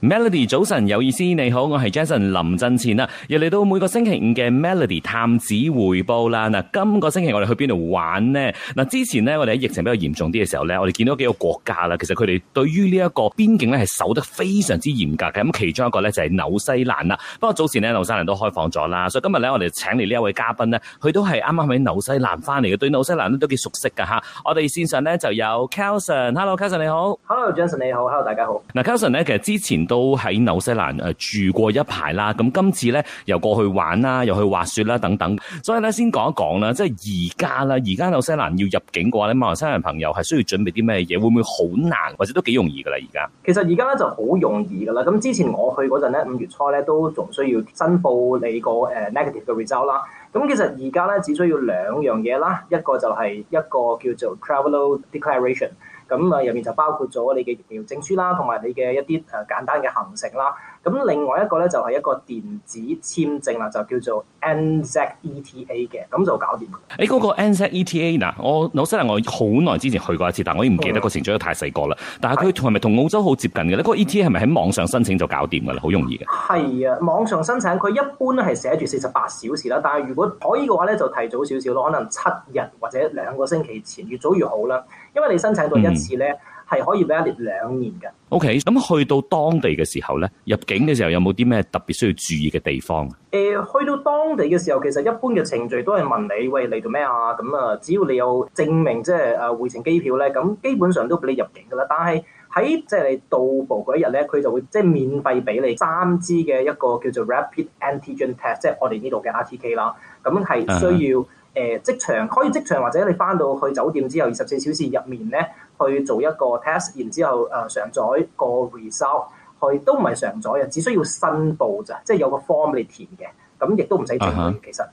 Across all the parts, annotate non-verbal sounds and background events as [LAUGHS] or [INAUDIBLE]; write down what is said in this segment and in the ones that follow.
Melody 早晨有意思，你好，我係 Jason 林振前啊，又嚟到每個星期五嘅 Melody 探子回報啦。嗱、啊，今個星期我哋去邊度玩呢？嗱、啊，之前咧我哋喺疫情比較嚴重啲嘅時候咧，我哋見到幾個國家啦，其實佢哋對於呢一個邊境咧係守得非常之嚴格嘅。咁其中一個咧就係、是、紐西蘭啦。不過早前咧紐西蘭都開放咗啦，所以今日咧我哋請嚟呢一位嘉賓咧，佢都係啱啱喺紐西蘭翻嚟嘅，對紐西蘭都都幾熟悉嘅吓。我哋線上咧就有 Calvin，Hello Calvin 你好，Hello Jason 你好，Hello 大家好。嗱 Calvin 咧其實之前。都喺紐西蘭誒、呃、住過一排啦，咁、嗯、今次咧又過去玩啦，又去滑雪啦等等，所以咧先講一講啦，即係而家啦，而家紐西蘭要入境嘅話咧，馬來西亞朋友係需要準備啲咩嘢？會唔會好難，或者都幾容易嘅啦？而家其實而家咧就好容易嘅啦，咁之前我去嗰陣咧，五月初咧都仲需要申報你、嗰個誒、uh, negative 嘅 result 啦，咁其實而家咧只需要兩樣嘢啦，一個就係一個叫做 travel declaration。咁啊，入面就包括咗你嘅疫苗證書啦，同埋你嘅一啲誒簡單嘅行程啦。咁另外一個咧就係一個電子簽證啦，就叫做 NZETA 嘅，咁就搞掂。誒嗰、那個 NZETA 嗱，我紐西蘭我好耐之前去過一次，但我已經唔記得個程序都太細個啦。但係佢係咪同澳洲好接近嘅咧？嗰、那個 ETA 係咪喺網上申請就搞掂噶啦？好容易嘅。係啊，網上申請佢一般咧係寫住四十八小時啦，但係如果可以嘅話咧，就提早少少咯，可能七日或者兩個星期前，越早越好啦。因為你申請到一次咧，嗯係可以俾一連兩年嘅。O K，咁去到當地嘅時候咧，入境嘅時候有冇啲咩特別需要注意嘅地方啊？誒、呃，去到當地嘅時候，其實一般嘅程序都係問你，喂，嚟做咩啊？咁啊，只要你有證明，即係誒回程機票咧，咁基本上都俾你入境噶啦。但係喺即係你到步嗰一日咧，佢就會即係免費俾你三支嘅一個叫做 Rapid Antigen Test，即係我哋呢度嘅 RTK 啦。咁係需要誒、uh huh. 呃、即，即場，可以即場或者你翻到去酒店之後二十四小時入面咧。去做一個 test，然之後誒上載個 result，佢都唔係上載嘅，只需要申報咋，即係有個 form 你填嘅，咁亦都唔使做。其實，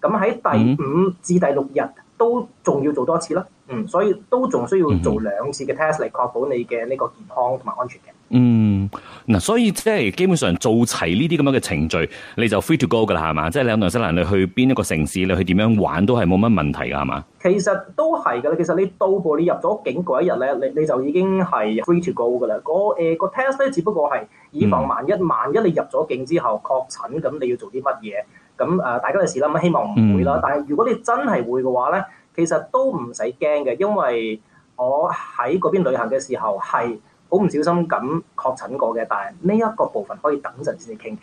咁喺第五至第六日都仲要做多次啦，嗯，所以都仲需要做兩次嘅 test 嚟確保你嘅呢個健康同埋安全嘅。嗯，嗱，所以即係基本上做齊呢啲咁樣嘅程序，你就 free to go 噶啦，係嘛？即係你有紐西蘭你去邊一個城市，你去點樣玩都係冇乜問題噶，係嘛？其實都係噶啦，其實你到過，你入咗境嗰一日咧，你你就已經係 free to go 噶啦。嗰誒、呃那個 test 咧，只不過係以防萬一，嗯、萬一你入咗境之後確診，咁你要做啲乜嘢？咁誒、呃，大家嘅事啦，咁希望唔會啦。嗯、但係如果你真係會嘅話咧，其實都唔使驚嘅，因為我喺嗰邊旅行嘅時候係。好唔小心咁確診過嘅，但係呢一個部分可以等陣先至傾嘅。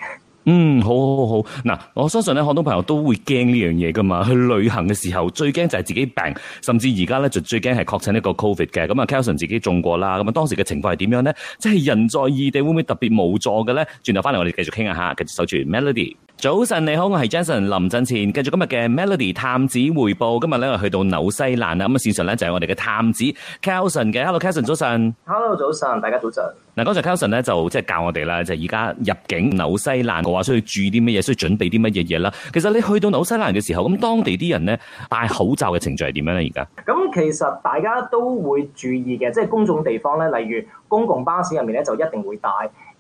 嗯，好好好，嗱，我相信咧，好多朋友都會驚呢樣嘢噶嘛。去旅行嘅時候最驚就係自己病，甚至而家咧就最驚係確診一個 COVID 嘅。咁啊，Kelson 自己中過啦，咁啊當時嘅情況係點樣咧？即係人在異地會唔會特別無助嘅咧？轉頭翻嚟我哋繼續傾下，繼續守住 Melody。早晨，你好，我係 Jason 林振前，繼續今日嘅 Melody 探子回報。今日咧，我去到紐西蘭啦，咁啊，事實上咧就係我哋嘅探子 Carlson 嘅。Hello，Carlson，早晨。Hello，早晨，大家早晨。嗱，剛才 Carlson 咧就即係教我哋啦，就而家入境紐西蘭嘅話，需要注意啲乜嘢，需要準備啲乜嘢嘢啦。其實你去到紐西蘭嘅時候，咁當地啲人咧戴口罩嘅程序係點樣咧？而家咁其實大家都會注意嘅，即係公眾地方咧，例如公共巴士入面咧，就一定會戴。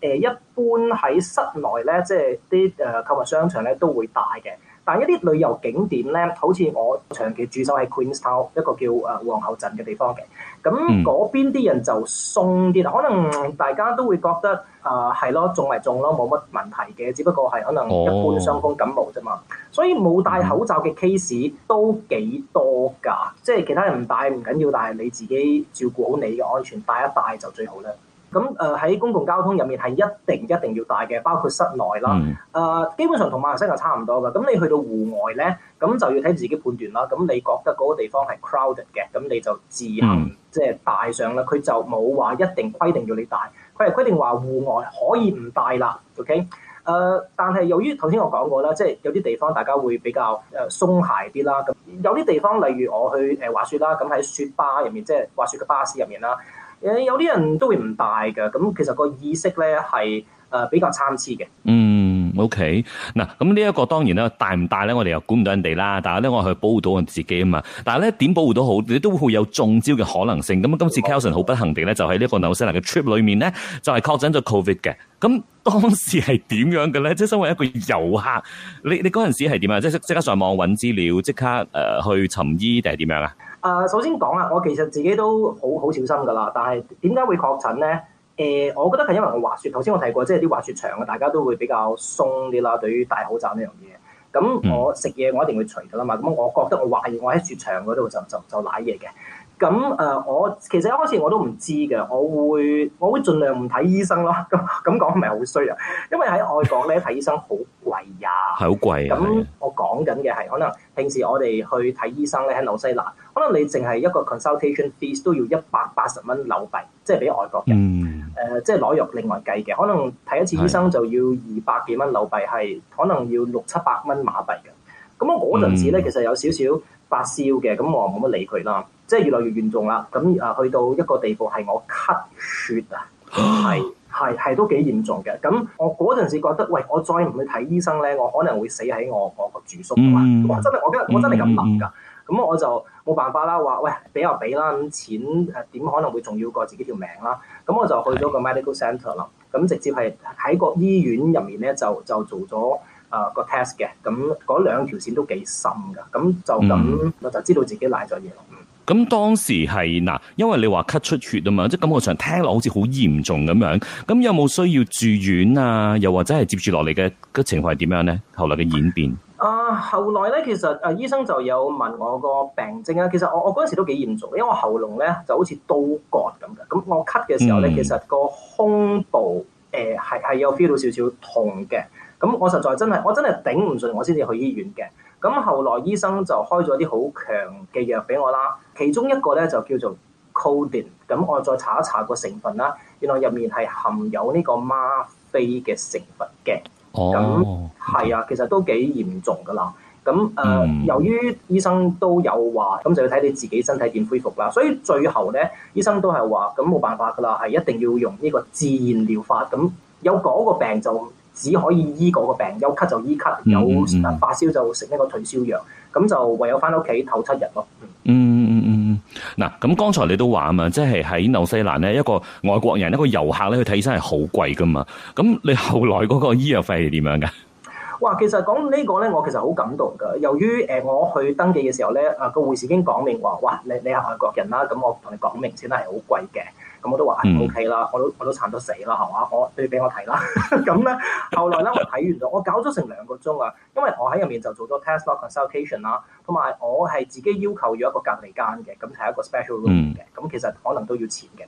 誒一般喺室內咧，即係啲誒購物商場咧都會戴嘅。但係一啲旅遊景點咧，好似我長期駐守喺 Queenstown 一個叫誒皇后鎮嘅地方嘅，咁嗰邊啲人就鬆啲，可能大家都會覺得啊係咯，中咪中咯，冇乜問題嘅。只不過係可能一般傷風感冒啫嘛。Oh. 所以冇戴口罩嘅 case 都幾多㗎，即係其他人唔戴唔緊要，但係你自己照顧好你嘅安全，戴一戴就最好啦。咁誒喺公共交通入面係一定一定要戴嘅，包括室內啦。誒、mm. 呃、基本上同馬來西亞差唔多㗎。咁你去到戶外咧，咁就要睇自己判斷啦。咁你覺得嗰個地方係 crowded 嘅，咁你就自行、mm. 即係戴上啦。佢就冇話一定規定要你戴，佢係規定話戶外可以唔戴啦。OK，誒、呃，但係由於頭先我講過啦，即、就、係、是、有啲地方大家會比較誒鬆懈啲啦。咁有啲地方例如我去誒滑雪啦，咁、呃、喺雪巴入面，即係滑雪嘅巴士入面啦。有啲人都會唔大嘅，咁其實個意識咧係誒比較參差嘅。嗯，OK，嗱，咁呢一個當然咧，大唔大咧，我哋又管唔到人哋啦。但係咧，我去保護到我自己啊嘛。但係咧，點保護到好，你都會有中招嘅可能性。咁今次 Carlson 好不幸地咧，就喺呢一個紐西蘭嘅 trip 裏面咧，就係、是、確診咗 COVID 嘅。咁當時係點樣嘅咧？即係身為一個遊客，你你嗰陣時係點啊？即即刻上網揾資料，即刻誒、呃、去尋醫定係點樣啊？啊，uh, 首先講啊，我其實自己都好好小心㗎啦，但係點解會確診咧？誒、呃，我覺得係因為我滑雪，頭先我提過，即係啲滑雪場啊，大家都會比較鬆啲啦，對於戴口罩呢樣嘢。咁我食嘢，我一定會除㗎啦嘛。咁我覺得我懷疑我喺雪場嗰度就就就瀨嘢嘅。咁誒、呃，我其實一開始我都唔知嘅，我會我會盡量唔睇醫生咯。咁咁講係咪好衰啊？因為喺外國咧睇 [LAUGHS] 醫生好貴呀，係好貴。咁 [LAUGHS] 我講緊嘅係，可能平時我哋去睇醫生咧喺紐西蘭，可能你淨係一個 consultation fees 都要一百八十蚊紐幣，即係俾外國人誒、嗯呃，即係攞藥另外計嘅，可能睇一次醫生就要二百幾蚊紐幣，係可能要六七百蚊馬幣嘅。咁我嗰陣時咧，其實有少少、嗯，發燒嘅，咁我冇乜理佢啦，即係越嚟越嚴重啦。咁啊，去到一個地步係我咳血啊，係係係都幾嚴重嘅。咁我嗰陣時覺得，喂，我再唔去睇醫生咧，我可能會死喺我我個住宿啊嘛。我真係我今日我真係咁諗噶。咁我，我就冇辦法啦，話喂，比較俾啦。咁錢誒點可能會重要過自己條命啦？咁我就去咗個 Medical Centre 啦。咁直接係喺個醫院入面咧，就就做咗。啊、呃那個 test 嘅，咁嗰兩條線都幾深噶，咁、嗯、就咁我就知道自己瀨咗嘢咯。咁當時係嗱，因為你話咳出血啊嘛，即係感覺上聽落好似好嚴重咁樣。咁有冇需要住院啊？又或者係接住落嚟嘅個情況係點樣咧？後來嘅演變、嗯、啊，後來咧其實啊醫生就有問我個病症啊。其實我我嗰陣時都幾嚴重，因為我喉嚨咧就好似刀割咁嘅。咁我咳嘅時候咧，其實個胸部誒係係有 feel 到少少痛嘅。嗯咁我實在真係我真係頂唔順，我先至去醫院嘅。咁後來醫生就開咗啲好強嘅藥俾我啦。其中一個咧就叫做 Codeine，咁我再查一查個成分啦。原來入面係含有呢個嗎啡嘅成分嘅。咁係、哦、啊，嗯、其實都幾嚴重噶啦。咁誒，呃嗯、由於醫生都有話，咁就要睇你自己身體點恢復啦。所以最後咧，醫生都係話咁冇辦法噶啦，係一定要用呢個自然療法。咁有嗰個病就，只可以醫嗰個病，有咳就醫咳，嗯、有時間發燒就食一個退燒藥，咁就唯有翻屋企唞七日咯、嗯。嗯嗯嗯嗯嗱，咁剛才你都話啊嘛，即係喺紐西蘭咧一個外國人一個遊客咧，佢睇醫生係好貴㗎嘛，咁你後來嗰個醫藥費係點樣㗎？哇！其實講個呢個咧，我其實好感動噶。由於誒、呃、我去登記嘅時候咧，啊個護士已經講明話：哇，你你係外國人啦、啊，咁我同你講明先係好貴嘅。咁我都話、嗯啊、OK 啦，我都我都慘到死啦，係嘛？你我你俾我睇啦。咁 [LAUGHS] 咧、嗯，後來咧我睇完咗，我， [LAUGHS] 我搞咗成兩個鐘啊，因為我喺入面就做咗 test lock consultation 啦、啊，同埋我係自己要求要一個隔離間嘅，咁係一個 special room 嘅，咁、嗯嗯、其實可能都要錢嘅。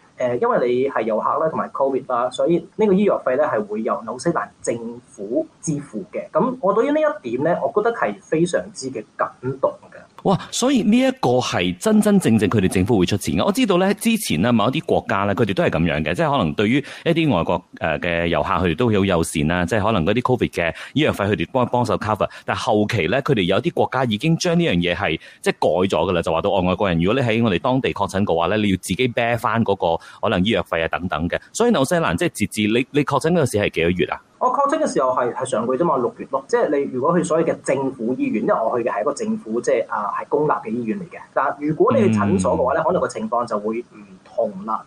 誒，因為你係遊客啦，同埋 COVID 啦，所以呢個醫藥費咧係會由紐西蘭政府支付嘅。咁我對於呢一點咧，我覺得係非常之嘅感動嘅。哇！所以呢一個係真真正正佢哋政府會出錢嘅。我知道呢之前咧某一啲國家呢佢哋都係咁樣嘅，即係可能對於一啲外國誒嘅遊客，佢哋都好友善啦。即係可能嗰啲 Covid 嘅醫藥費，佢哋幫幫手 cover。但係後期呢，佢哋有啲國家已經將呢樣嘢係即係改咗㗎啦，就話到外國人，如果你喺我哋當地確診嘅話呢，你要自己 bear 翻嗰個可能醫藥費啊等等嘅。所以紐西蘭即係截至你你確診嗰陣時係幾多月啊？我確診嘅時候係係上個月啫嘛，六月六，即係你如果去所謂嘅政府醫院，因為我去嘅係一個政府即係啊係公立嘅醫院嚟嘅，但如果你去診所嘅話咧，嗯、可能個情況就會唔同啦。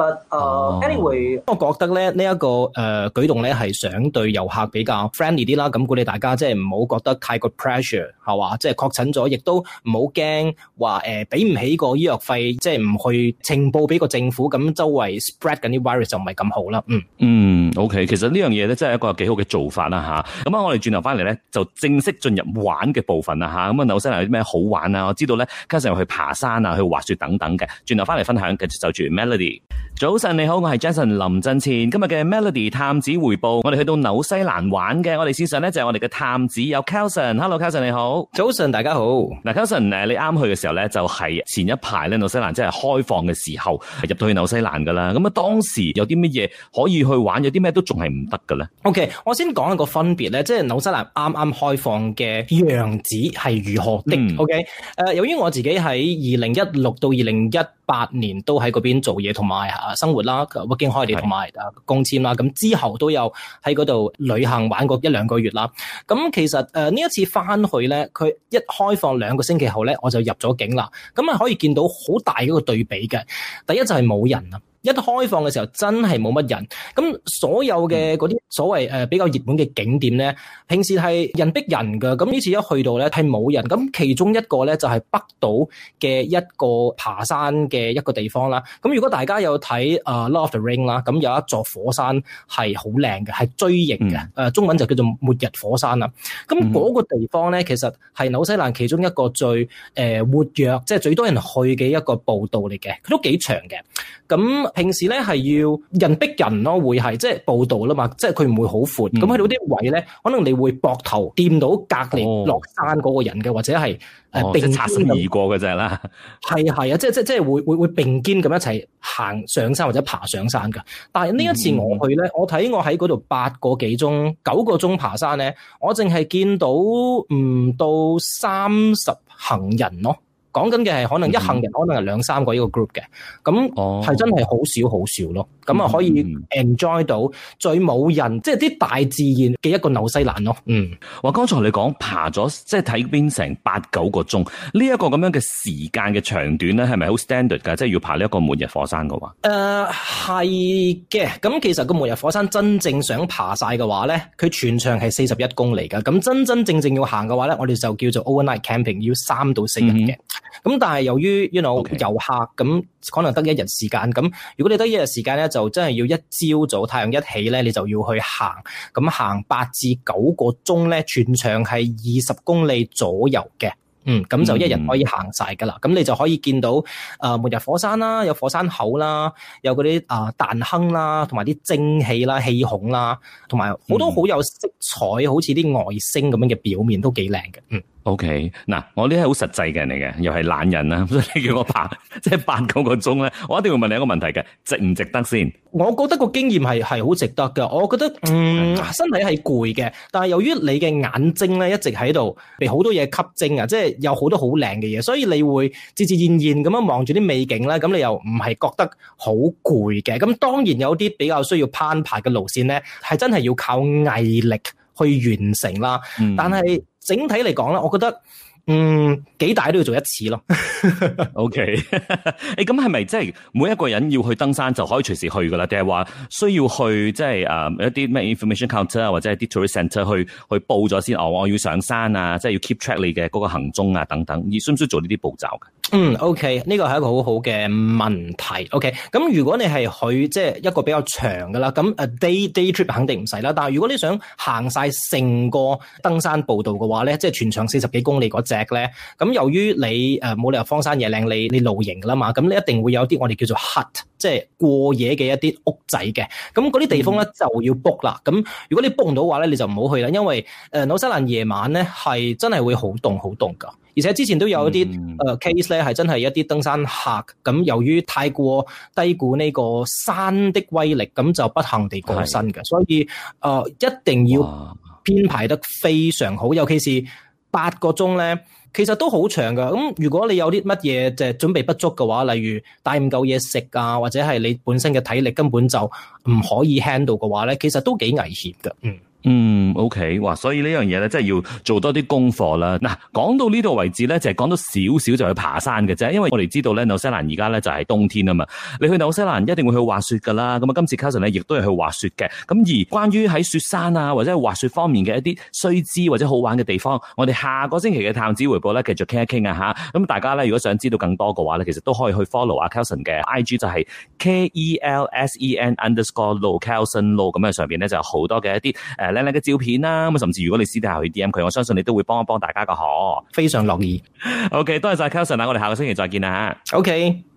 但誒，anyway，我覺得咧呢一個誒舉動咧係想對遊客比較 friendly 啲啦，咁鼓勵大家即係唔好覺得太過 pressure 係話，即係確診咗，亦都唔好驚話誒俾唔起個醫藥費，即係唔去呈報俾個政府，咁周圍 spread 緊啲 virus 就唔係咁好啦。嗯嗯，OK，其實呢樣嘢咧真係一個幾好嘅做法啦吓，咁啊，啊我哋轉頭翻嚟咧就正式進入玩嘅部分啦吓，咁啊，啊紐西蘭有啲咩好玩啊？我知道咧，經常去爬山啊，去滑雪等等嘅。轉頭翻嚟分享繼續就住 Melody。早晨你好，我係 Jason 林振前。今日嘅 Melody 探子回報，我哋去到紐西蘭玩嘅。我哋線上咧就係、是、我哋嘅探子有 Carlson，Hello Carlson 你好，早晨大家好。嗱 Carlson 誒，你啱去嘅時候咧就係、是、前一排咧紐西蘭即係開放嘅時候入到去紐西蘭噶啦。咁啊當時有啲乜嘢可以去玩，有啲咩都仲係唔得噶啦。OK，我先講，講一個分別咧，即係紐西蘭啱啱開放嘅樣子係如何的。嗯、OK，誒、呃，由於我自己喺二零一六到二零一八年都喺嗰邊做嘢，同埋啊，生活啦，北京開啲同埋啊，工簽啦，咁之後都有喺嗰度旅行玩過一兩個月啦。咁其實誒呢一次返去咧，佢一開放兩個星期後咧，我就入咗境啦。咁啊可以見到好大嘅一個對比嘅，第一就係冇人啦。一開放嘅時候真係冇乜人，咁所有嘅嗰啲所謂誒比較熱門嘅景點咧，平時係人逼人嘅，咁呢次一去到咧係冇人。咁其中一個咧就係北島嘅一個爬山嘅一個地方啦。咁如果大家有睇啊 Lord of the Rings 啦，咁有一座火山係好靚嘅，係錐形嘅，誒、mm hmm. 中文就叫做末日火山啦。咁嗰個地方咧，其實係紐西蘭其中一個最誒活躍，即係最多人去嘅一個步道嚟嘅，佢都幾長嘅。咁平時咧係要人逼人咯，會係即係步道啦嘛，即係佢唔會好闊。咁喺度啲位咧，可能你會膊頭掂到隔離落山嗰個人嘅，哦、或者係誒並肩而過嘅啫啦。係係啊，即 [LAUGHS] 即即係會會會並肩咁一齊行上山或者爬上山嘅。但係呢一次我去咧、嗯，我睇我喺嗰度八個幾鐘、九個鐘爬山咧，我淨係見到唔到三十行人咯。講緊嘅係可能一行人、嗯、可能係兩三個呢個 group 嘅，咁係、哦、真係好少好少咯。咁啊、嗯、可以 enjoy 到最冇人，即係啲大自然嘅一個紐西蘭咯。嗯，話剛才你講爬咗即係睇邊成八九個鐘，呢、這、一個咁樣嘅時間嘅長短咧，係咪好 standard 噶？即係要爬呢一個末日火山嘅話，誒係嘅。咁、嗯、其實個末日火山真正想爬晒嘅話咧，佢全長係四十一公里噶。咁真真正正，正要行嘅話咧，我哋就叫做 overnight camping，要三到四日嘅。嗯。咁但係由於，you know 遊客咁可能得一日時間，咁如果你得一日時間咧，就真係要一朝早太陽一起咧，你就要去行，咁行八至九個鐘咧，全場係二十公里左右嘅，嗯，咁就一日可以行晒噶啦，咁、嗯、你就可以見到啊，末、呃、日火山啦，有火山口啦，有嗰啲啊彈坑啦，同埋啲蒸氣啦、氣孔啦，同埋好多好有色彩，嗯、好似啲外星咁樣嘅表面都幾靚嘅，嗯。O K，嗱，我呢啲係好實際嘅人嚟嘅，又係懶人啦，所以你叫我爬，即係八九個鐘咧，我一定會問你一個問題嘅，值唔值得先？我覺得個經驗係係好值得嘅，我覺得嗯，身體係攰嘅，但係由於你嘅眼睛咧一直喺度被好多嘢吸睛啊，即係有好多好靚嘅嘢，所以你會自自然然咁樣望住啲美景啦。咁你又唔係覺得好攰嘅？咁當然有啲比較需要攀爬嘅路線咧，係真係要靠毅力去完成啦，嗯、但係。整體嚟講咧，我覺得。嗯，幾大都要做一次咯 [LAUGHS] okay. [LAUGHS] 欸。OK，誒，咁係咪即係每一個人要去登山就可以隨時去噶啦？定係話需要去即係誒一啲咩 information counter 啊，或者係 tourist center 去去報咗先？哦，我要上山啊，即係要 keep track 你嘅嗰個行蹤啊，等等，需唔需要做呢啲步驟嘅？嗯，OK，呢個係一個好好嘅問題。OK，咁如果你係去即係、就是、一個比較長噶啦，咁誒 day day trip 肯定唔使啦。但係如果你想行晒成個登山步道嘅話咧，即、就、係、是、全長四十幾公里嗰隻。咧咁，由於你誒、呃、冇理由荒山野嶺，你你露營噶啦嘛，咁你一定會有啲我哋叫做 hut，即係過夜嘅一啲屋仔嘅。咁嗰啲地方咧就要 book 啦。咁如果你 book 唔到嘅話咧，你就唔好去啦，因為誒、呃、紐西蘭夜晚咧係真係會好凍好凍噶，而且之前都有一啲誒 case 咧係真係一啲登山客，咁由於太過低估呢個山的威力，咁就不幸地過身嘅。的所以誒、呃、一定要編排得非常好，哇尤其是。八個鐘咧，其實都好長㗎。咁如果你有啲乜嘢就準備不足嘅話，例如帶唔夠嘢食啊，或者係你本身嘅體力根本就唔可以 handle 嘅話咧，其實都幾危險㗎。嗯。嗯，OK，哇，所以呢樣嘢咧，真係要做多啲功課啦。嗱、啊，講到呢度為止咧，就係講到少少就去爬山嘅啫。因為我哋知道咧，紐西蘭而家咧就係、是、冬天啊嘛，你去紐西蘭一定會去滑雪噶啦。咁啊，今次 Kelson 咧亦都係去滑雪嘅。咁而關於喺雪山啊或者係滑雪方面嘅一啲須知或者好玩嘅地方，我哋下個星期嘅探子回報咧繼續傾一傾啊吓。咁大家咧如果想知道更多嘅話咧，其實都可以去 follow 阿 Kelson 嘅 IG，就係 K E L S E N underscore low Kelson low。咁啊上邊咧就有好多嘅一啲誒，呃靚靚嘅照片啦，甚至如果你私底下去 D M 佢，我相信你都會幫一幫大家個可，非常樂意。 [LAUGHS] OK，多謝 c o u s i n 我哋下個星期再見啦 OK。